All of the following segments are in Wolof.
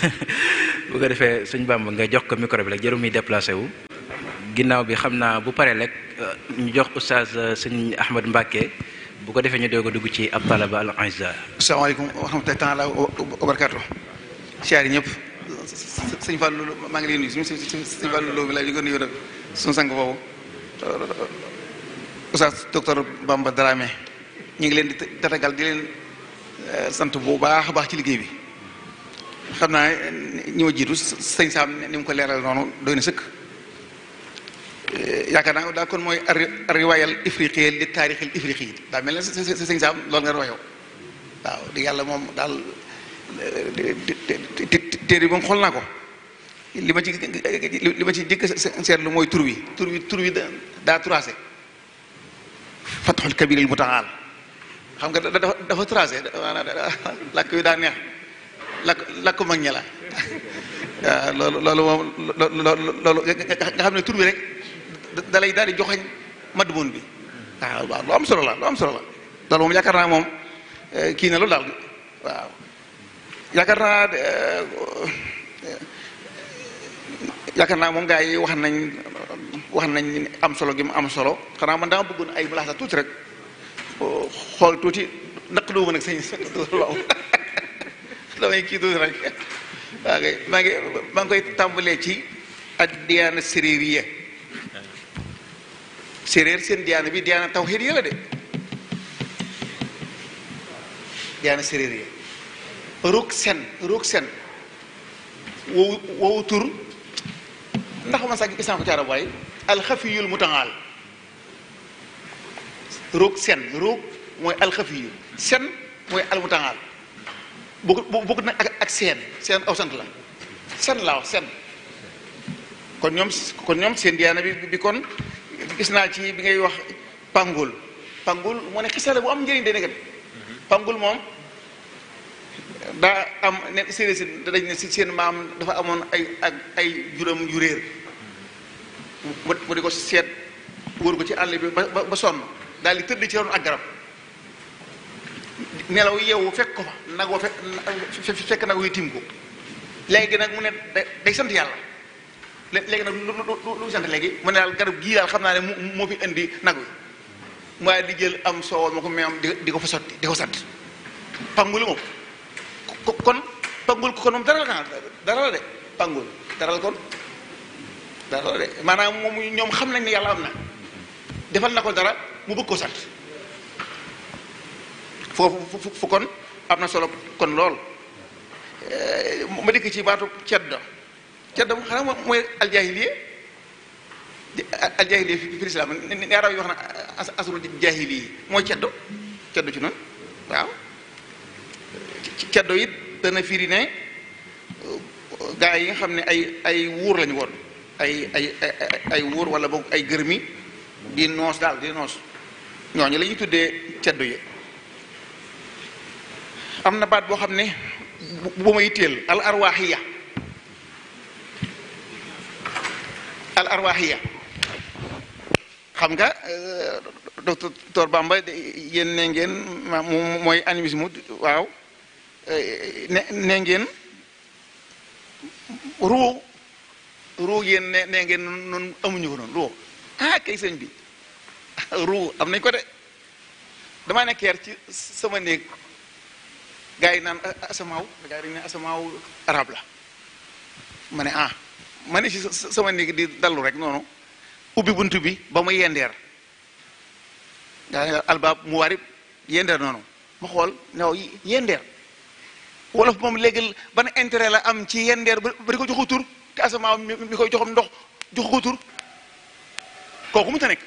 boo ko defee suñ bàmb nga jox ko micro bi rek jëru muy déplacé wu ginnaaw bi xam naa bu paree rek euh, ñu jox oustaz euh, sëñ Ahmad Mbacke bu ko defee ñu doog a dugg ci ab talaba al izza asalaamaaleykum wa rahmatullahi taala wa barakaatu siyaar yi ñëpp sëñ Fallou maa ngi lay nuyu sëñ Fallou Lo mi lay ko nuyu nag suñu sang boobu oustaz ñu ngi leen di tatagal di leen euh, sant bu baax a baax ci liggéey bi xam naa ñi ma jiitu sëñ Saam ni mu ko leeral noonu doy na sëkk yaakaar naa daa kon mooy riwaayal ifriqiya li taarixil ifriqi yi daa mel ne sëñ Saam loolu nga royoo waaw di yàlla moom daal téere moom xool naa ko li ma ci li ma ci jëkk seetlu mooy tur wi tur wi tur wi daa tracé fatxul kabiril mutaal xam nga dafa tracé maanaam làkk wi daa neex lakk lakk mag la loolu loolu moom loolu nga xam ne tur bi rek dalay daal di joxañ madmoon bi lu am solo la lu am solo la loolu moom yaakaar naa moom eh, kii na loolu daal waaw yaakaar naa eh, eh, yaakaar naa moom gars yi wax nañ wax nañ am solo gi mu am solo xanaa man daa bëggoon ay mulaasa tuuti rek xool tuuti naq duuma nag sëñ la may rek maa ngi maa ngi koy tàmbalee ci ak diyaana séréer yi séréer seen diyaana bi diyaana tawxiid yi la de diyaana séréer yi ruug sen ruug sen wow wowu tur ndax ma sax gis naa ko ci arab waaye alxafiyul mutaŋaal ruug sen ruug mooy alxafiyu sen mooy almutaŋaal bokkut bokkut nag ak ak seen seen aw la seen laa wax seen kon ñoom kon ñoom seen diyaana bi bi kon gis naa ci bi ngay wax pangul pangul moo ne xisa la bu am njëriñ de nekkat pangul moom daa am ne séeréer si dañ ne si seen maam dafa amoon ay ak ay juróom yu réer mu di ko seet wóor ko ci àll bi ba sonn daal di tëdd ci ron ak garab nelaw yeewu fekk ko fa nag wa fekk fekk nag wi tim ko léegi nag mu ne day sant yàlla léegi nag lu lu lu sant léegi mu ne daal garab gii daal xam naa ne moo fi indi nag wi waaye di jël am soowal ma ko meem di ko fa sotti di ko sant pangul moom kon pangul ko kon moom dara la kan dara la de pangul dara la kon dara la de maanaam moom ñoom xam nañ ne yàlla am na defal na ko dara mu bëgg ko sant foofu fu kon am na solo kon lool eh, ma dikk ci baatu ceddo ceddo mu xanaa mooy aljaahiliya aljaahiliya fi lislaam ne arab yi wax na asru jaahiliya mooy ceddo ceddo ci noonu waaw ceddo it dana firi ne gaa yi nga xam ne ay ay wuur lañu woon ay ay ay wuur wala boog ay gërmi di noos daal di noos ñooñu lañuy tuddee ceddo yi am na baat boo xam ne bu ma yitteel al arwaaxiya al arwaaxiya xam nga euh, docteur Bamba yéen ne ngeen mooy animisme waaw euh, ne ne ngeen ruu ruu yéen ngeen noonu amuñu ko noonu ruu ah kay sëñ bi ruu am nañ ko de damaa nekkeer ci sama néeg gars nan naan asamaaw gars yi naan asamaaw eh, eh, arab la mané ah mané ci si sama di dalu rek ubi ubi buntu bi ba albab yendeer gars nono, albaab mu warib ma xol new yender wolof mom legal ban intérêt la am ci yender bari ko joxu tur te asamaaw mi koy joxam ndox joxu tur mu ta nek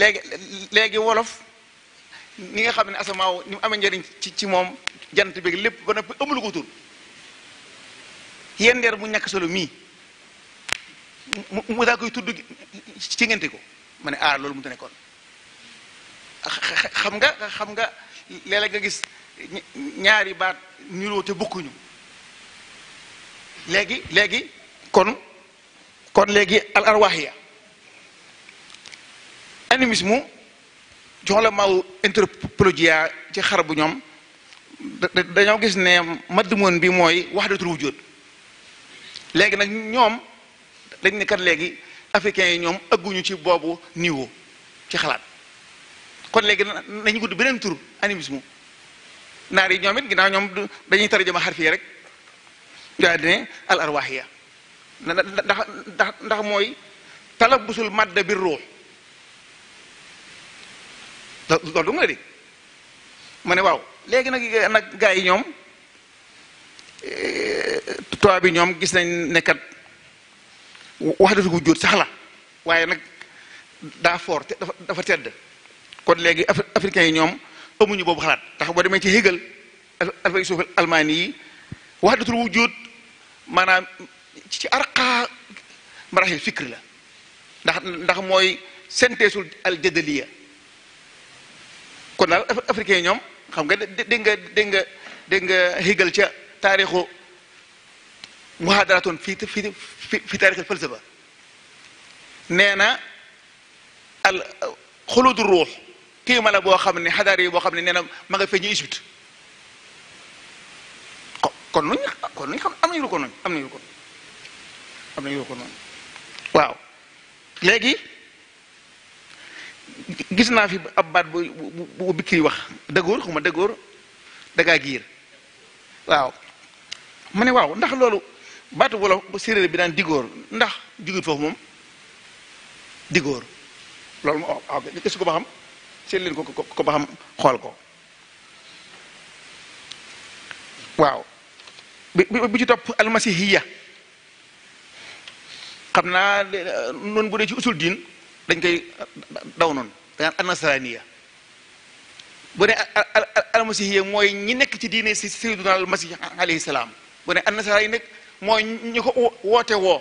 legi legi wolof ni nga xam ne asamaaw ni mu amee njariñ ci ci moom jant beeg lépp ba noppi amul ko tur yendeer bu ñàkk solo mii mu mu daa koy tudd ci ko ma ne ah loolu mu ta nekkoon xam nga xam nga léeg-léeg nga gis ñaari baat niroo te bokkuñu léegi léegi kon kon léegi al arwaaxiya animisme jox la maaw anthropologia ci xar bu ñoom dañoo gis ne madmoon bi mooy wax wahdatul wujud léegi nag ñoom dañ ne kat léegi africains yi ñoom ëgguñu ci boobu niveau ci xalaat kon léegi nañu gudd beneen tur animisme naar yi ñoom it ginnaaw ñoom dañuy tarjama xarfi rek daa dine al arwaxiya ndax ndax ndax mooy talabusul madda bi ruux loolu du nga di ma ne waaw léegi nag nag gaa yi ñoom eh, toit bi ñoom gis nañ nekkat wax dëgg bu jur sax la waaye nag daa fort te dafa tedd kon léegi africains yi ñoom amuñu boobu xalaat tax boo demee ci Hegel alfay suuf almaani yi wax wahdatul wujud maanaam ci arqa marahil fikri la ndax ndax mooy synthèse al jadaliya كون افريكان نيوم خم نغا دينغا دينغا دينغا هيغل تي تاريخو محاضرات في في في تاريخ الفلسفه نينا خلود الروح كيما لا بو خم ني حضاري بو خم ني نينا ما غا فيني ايجيبت كون نون كون نون خم امني لوكون امني لوكون امني لوكون واو لغي gis na fi ab bat bu bu bikkiri wax dëggoor xuma dëggoor dagaa giir waaw mané ne waaw ndax loolu baatu wolof séeréer bi dan digor ndax jugut foofu moom digóor loolu ma waaw gisu ko ba xam seet leen ko ko ba xam ko waaw bi ci top al xam naa noonu bu de ci usul din dañ koy uh, daw noonu danaan annasaraniya bu ne almasihiya mooy ñi nekk ci diine si sayyiduna almasih alayhi salaam bu ne annasara yi nag mooy ñu ko woote woo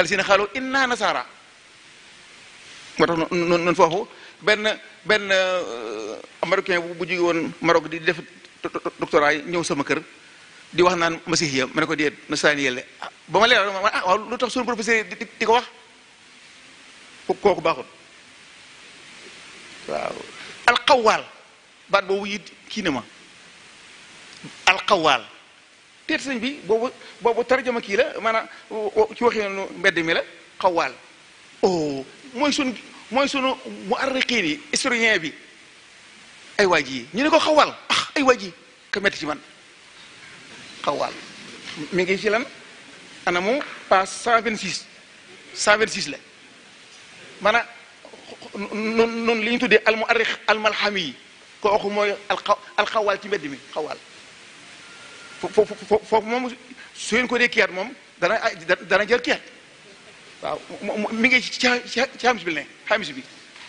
alsina xaalu inna nasara moo tax noonu foofu benn benn uh, marocain bu jóge woon Maroc di def doctorat ñëw sama kër di wax naan masihiya ma ne ko déet nasaraniya la ah, ba ma leeral ma ah, waaw lu tax suñu professeur di ko wax kooku baaxul waaw alxawaal baat boobu it kii na ma alxawaal teet sëñ bi boobu boobu kii la maanaam ci waxeenu mbedd mi la xawaal oh mooy sun mooy sunu mu arriqiin yi historien bi ay waaj yi ñu ne ko xawaal ah ay waaj yi ka metti ci man xawaal mi ngi ci lan anamu paas 126 126 la maanaam nun li ñu tuddee al muarrix al malxam yi kooku mooy alxawaal ci mbedd mi xawaal foofu foofu moom su ngeen ko dee kiyaat moom dana dana jël kiyaat waaw mi ngi ci ci xamis bi la ne xamis bi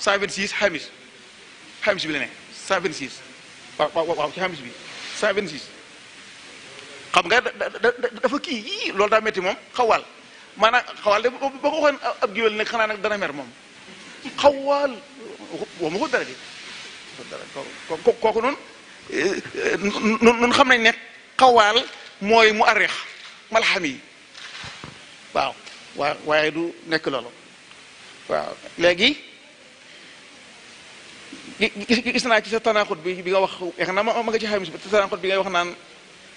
126 xamis xamis bi la ne 126 waaw waaw ci xamis bi 126 xam nga dafa kii yii loolu daa métti moom xawaal mana xawaal de boo ko waxoon ab giwél nag xanaa nag dana mer moom xawaal waxuma ko dara de ko kooku noonu nun xam nañ ne xawaal moy mu arrix malhami yi waaw waaw waaye du nekk loolu waaw léegi gis naa ci sa tanaaxut bi bi nga wax yaakaar naa ma ma nga ci xamis bi sa tanaaxut bi ngay wax naan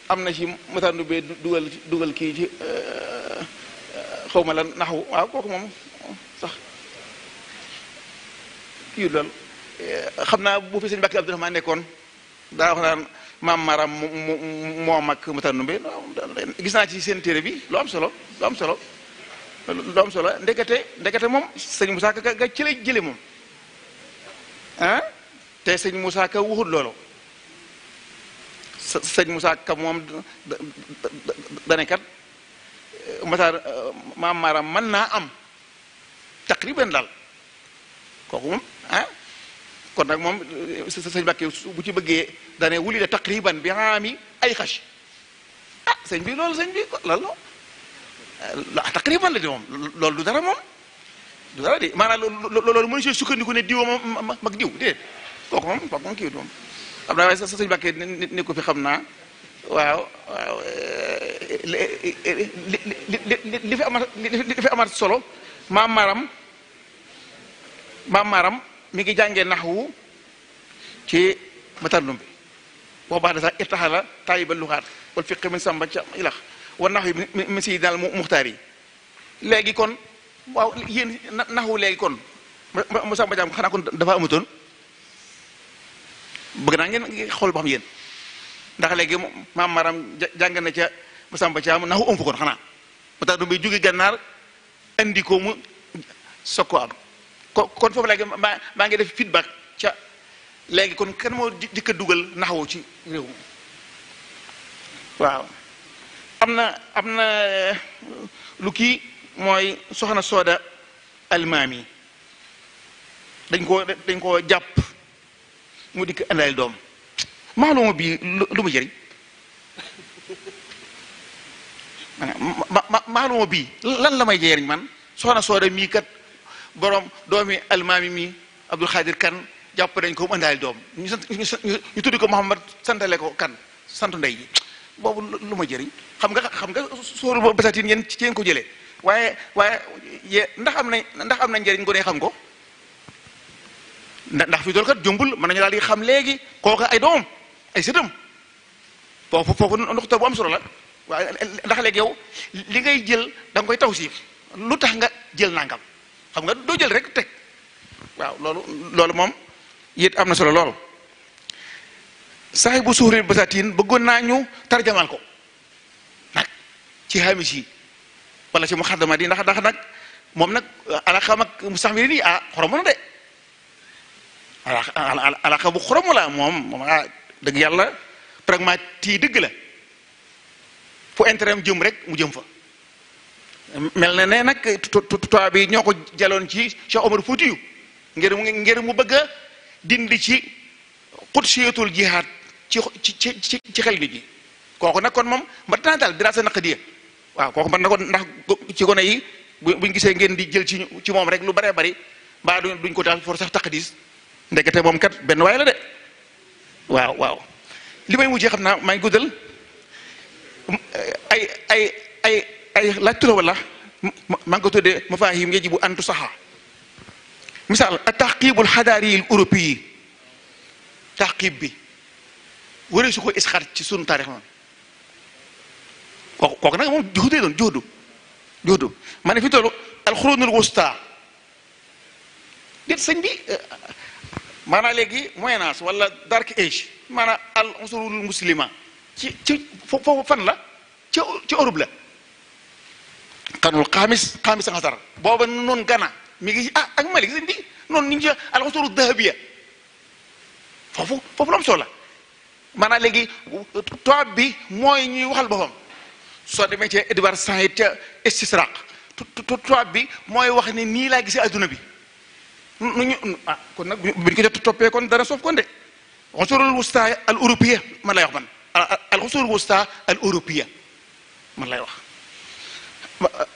am na ci matandu bee dugal dugal kii ci xaw ma lan naxawu waaw kooku moom sax kii loolu eh, xam naa bu fi sëñ Mbàkke Abdourahmane nekkoon daa wax naan maam Maram mu moo mag Matanumbe gis naa ci seen téere bi loo am solo lu am solo lu solo ndekete ndekete moom sëñ Moussa Ka ga ci moom ah, te sëñ Moussa Ka waxut loolu sëñ Moussa Ka moom danekat Matar euh, maam maaram man naa am taqriban daal kooku moom ah kon nag moom euh, sëñ Mbàkke bu ci bëggee dane wuli da taqriban bi aami ay ah, bi loolu sëñ bi lan la euh, taqriban di moom loolu du dara moom du dara di maanaam loolu mënu sukkandiku ne diw ma mag diw déedéet kooku moom kooku moom kii du moom xam naa waaye sëñ Mbàkke ni ko fi xam naa waaw li fi amat li fi amat solo maam maram maam maram mi ngi jàngee naxwu ci matallumbi boobaa da sax irtaxala taayiba luxaat wal fiqi min samba ca ilax wa naxwu min si daal muxtaar yi léegi kon waaw yéen naxwu léegi kon mu samba jaam xanaa kon dafa amutoon bëgg naa ngeen xool ba xam yéen ndax léegi maam maram jàng na ca Masamba Thiam ndax am fa kon xanaa ba tax du muy jóge gànnaar andi ko ko am kon foofu léegi maa maa ngi def feedback ca léegi kon kenn moo dikk a dugal naxawu ci réew mi waaw am na am na uh, lu kii mooy soxna Sooda Almaami yi dañ koo dañ koo jàpp mu dikk andaale doom maaluma bii lu mu jëriñ maaluma bi lan lamay may man soxna soore mi kat borom doomi almaami mi abdul khadir kan japp nañ ko mu dom ñu tuddi ko mohammed santale ko kan sant ndey ji boobu lu ma xam nga xam nga sóoru bo basatin yeen ci yeen ko jele waye waye ndax am nañ ndax am nañ njëriñ gune xam ko ndax fi dool kat jombul man nañu daal di xam legi koko ay dom ay sedum fofu fofu ndox bu am solo la waaye eh, ndax leg yow li ngay jël da nga koy tawsiif lutax nga jël nangam xam nga do jël rek tek waaw lolu lolu mom yit amna solo lool sahibu suhri basatin beggon nañu tarjamal ko nak ci hamisi wala ci di ndax ndax mom nak eh, ala ak ni ah de ala ala ala bu xoromu la mom, mom ah, deug yalla pragmati pragmatique la fu intérêt jëm rek mu jëm fa mel na ne nag tubaab bi ñoo ko jaloon ci Cheikh Omar Foutiyu ngir mu nger mu bëgg a dindi ci xudsiyatul jihaad ci ci ci ci xel nit ñi kooku nag kon moom mbat naa daal diraasa naqdiya waaw kooku mbat na ko ndax ci gone yi buñ gisee ngeen di jël ci ci moom rek lu baree bari mbaa duñ ko daal for sax taqdis ndekete moom kat benn waay la de waaw waaw li may xam naa maa ngi guddal ay ay ay ay laaj tura wala maa ngi ko tuddee mafahim yajibu an tusaha misaal a taxqiibul xadaari europe yi bi wëree su ko isxaar ci sunu taarix noonu kooku kooku nag moom juxutee doon juxudu juxudu ma ne fi tollu alxurunul wusta déet sëñ bi euh, maanaa léegi moyen wala dark age maanaa al unsurul muslima ci ci foofu fan la ci ci Europe la xanul xaamis xaamis xasar booba noonu Gana mi ngi ah ak Mali seen di noonu ñu ngi ci alxasuru dahabiya foofu foofu la am solo la maanaam léegi tubaab bi mooy ñuy waxal boppam soo demee ca Edward Said ca Istisraq tubaab bi mooy wax ne nii laa gisee àdduna bi nu ñu ah kon nag bi ñu ko jot toppee kon dara soof kon de alxasurul wusta al européen man lay wax man العصور الوسطى الاوروبيه من الله يوح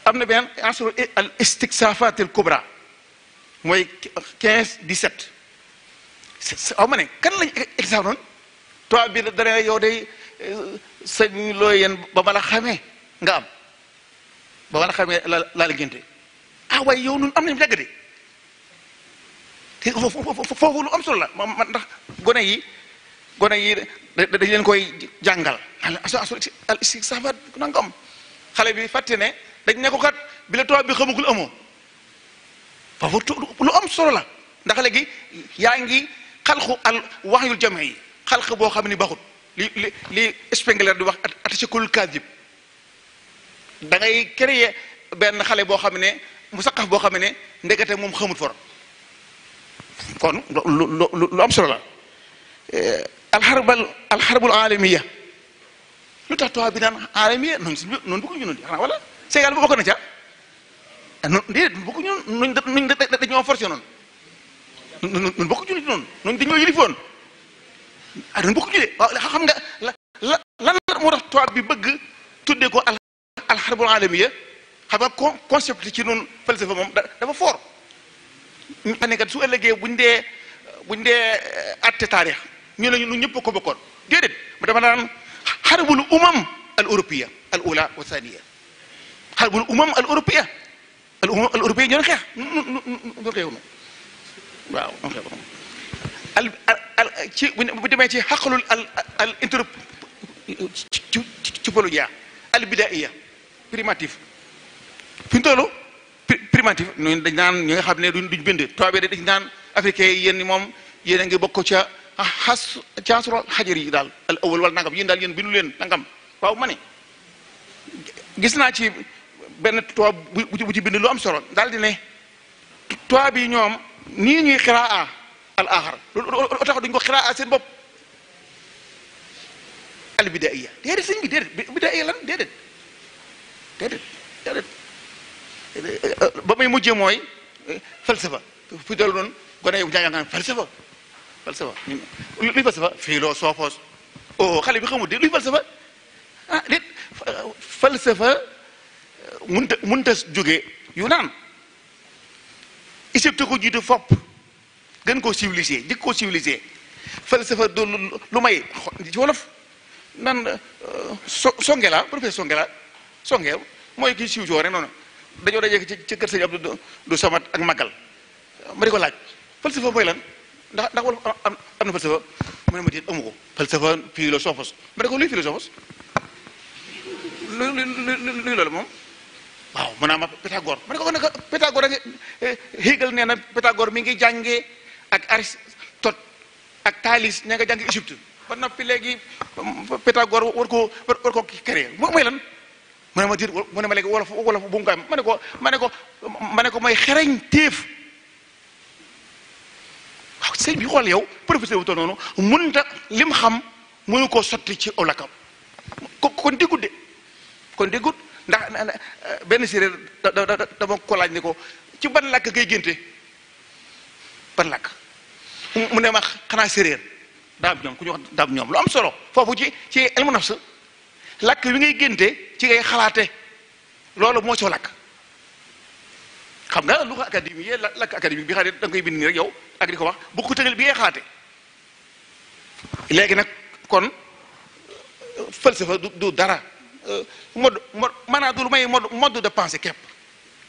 امنا بين عصر الاستكسافات الكبرى موي 15 17 او ماني كان لا اكزامون تو بي دري يو دي سيغن لوين با مالا خامي nga am ba wala xamé la la gënté ah way yow ñun am ñu dégg dé fofu fofu lu am solo la ndax gone yi gone yi dañ leen koy jàngal al istixfaar nangam xale bi fàtte ne dañ ne ko kat bi la tubaab bi xamagul amoo foofu lu am solo la ndax léegi yaa ngi xalqu al waxyul jame yi xalq boo xam ni baxut li li li Spengler di wax attaché kadib da ngay créer benn xale boo xam ne mu saqaf boo xam ne ndekete moom xamut for kon lu lu lu am solo la. Eh, alxarbal alxarbul alamiya lu tax tubaab bi daan alamiya noonu si noonu bëgguñu noonu xanaa wala Sénégal bu bokk na ca ah eh, noonu déedéet bokkuñu noonu nuñ dañoo forcé noonu noonu bokkuñu noonu noonu dañoo yilifoon ah noonu bokkuñu de waaw xam nga la la lan la moo tax tubaab bi bëgg tuddee ko al alxarbul alamiya xam nga con concept ci noonu falsafa moom dafa fort ñu xam ne kat su ëllëgee buñ dee buñ dee atte eh, taarix. ñu ne ñu ñëpp ko bokkoon déedéet mu dafa naan xarbul umam al européen al ula wa thaniya xarbul umam al européen al umam al européen ñoo xeex ñoo xeex nu waaw ñoo xeex nu al al ci bu demee ci xaqalul al al inter ci ci polodia al bidaiya primatif fi ñu toll primatif ñun dañ naan ñi nga xam ne duñ bind tubaab yi dañ naan africain yi yéen moom yéen a ngi bokk ca حس جاسر الحجري دال الأول ولا نعم يندال ين بنولين نعم باو ماني جسنا شيء بين توا بوجي بوجي بين لوم سرور دال دينه توا بينيوم نيني قراءة الآخر أتاخد نقول قراءة سين بوب البدائية دير سين دير بدائية لان دير دير دير بمي موجي موي فلسفة في دولون قناة يوجد فلسفة falsafa luy falsafa philosophos o oh, oh, xale bi xamul de luy falsafa ah déet falsafa munta munta jóge Yunaan Égypte ko jiitu fopp gën koo civilisé jëkk koo civilisé falsafa do lu may ci wolof nan euh, so Songela professeur Songela Songeew mooy kii siiw coo rek noonu dañoo dajee ci kër sëñ Abdou du Samad ak Magal ma di ko laaj falsafa mooy lan ndax ndax wala am na falsafa mu ne ma déet amu ko falsafa philosophos ma ne ko luy philosophos lu lu luy loolu moom waaw mu naa ma Pythagore ma ne ko Pythagore a ngi eh, Hegel nee na Pythagore mi ngi jàngee ak Aristote ak Thalès ña nga Égypte ba noppi léegi Pythagore war ko war ko mu ne ma déet mu ne ma léegi wolof wolof bu mu ko ma ne ko ma ne ko ma ne ko mooy xereñ téef sëñ bi xool yow professeur bu toll noonu mënut ta lim xam mënu koo sotti ci olakam kon diggut de kon diggut ndax eh, benn séeréer dama ko laaj ni ko ci ban làkk ngay génte ban làkk mu ne ma xanaa séeréer daab ñoom ku ñu wax daab ñoom lu am solo foofu ci ci elmu nafs làkk wi ngay génte ci ngay xalaate loolu moo ci làkk xam nga lu ko académie yee lakk académique bi xaar da koy bind nii rek yow ak di ko wax bu ko tëgal bi yee xaate léegi nag kon falsafa du du dara euh, mode mode maanaam du lu may mode mode de pensée képp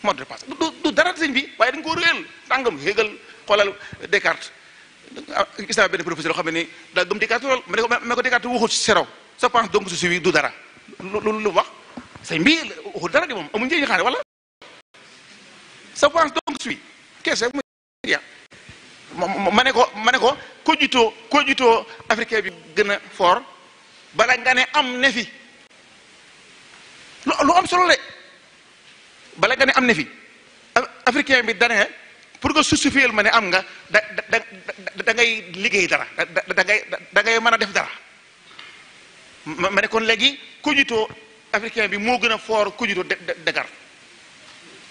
mode de pensée du du dara sëñ bi waaye dañ ko réel ndàngam Hegel xoolal Descartes gis naa professeur yoo xam ne daa gëm Descartes lool ma ne ko Descartes waxul si seraw sa pense donc su suivi du dara lu lu wax sëñ bi waxul dara di moom amul njëriñ sa pense donc suit kese mu ma ne ko ma ne ko cogito cogito africain bi gën a fort bala nga ne am ne fi lu am solo de bala nga ne am ne fi africain bi dane pour que justifier ma ne am nga da da da ngay liggéey dara da ngay da ngay mën a def dara ma ne kon léegi cogito africain bi moo gën a foor cogito de dagar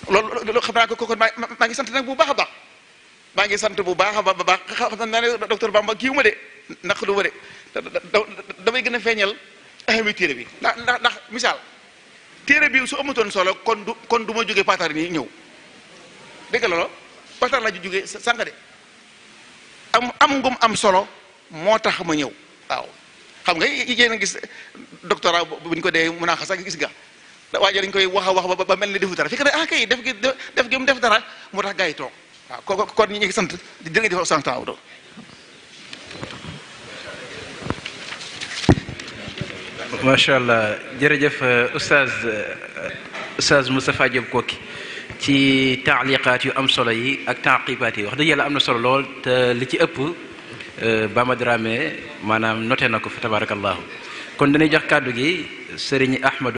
lo loolu xam naa ko kooku maa maa ngi sant nag bu baax a baax maa ngi sant bu baax a baax baax xam naa ne docteur Bamba kii ma de lu damay gën a feeñal téere bi ndax ndax ndax misaal téere bi su amatoon solo kon du kon du ma jógee patar nii ñëw dégg nga loolu patar laa ji jógee sànq de am am ngum am solo moo tax ma ñëw waaw xam nga yéen a gis doctorat bu ñu ko dee xas gis nga waajo dañ koy wax a wax ba ba mel ni defu dara fi que ne ah def gi def def dara moo tax gars toog ko kon ñu sant jërë nga jëf sant aw do macha allah jërëjëf euh, oustaz euh, oustaz Moustapha Diop Koki ci taaliqaat yu am solo yi ak taaqibaat yi wax dëgg yàlla am na solo lool te li ci ëpp euh, Bama Dramé maanaam noté na ko fa tabarakallahu kon dañuy jox kàddu gi sëriñ Ahmadu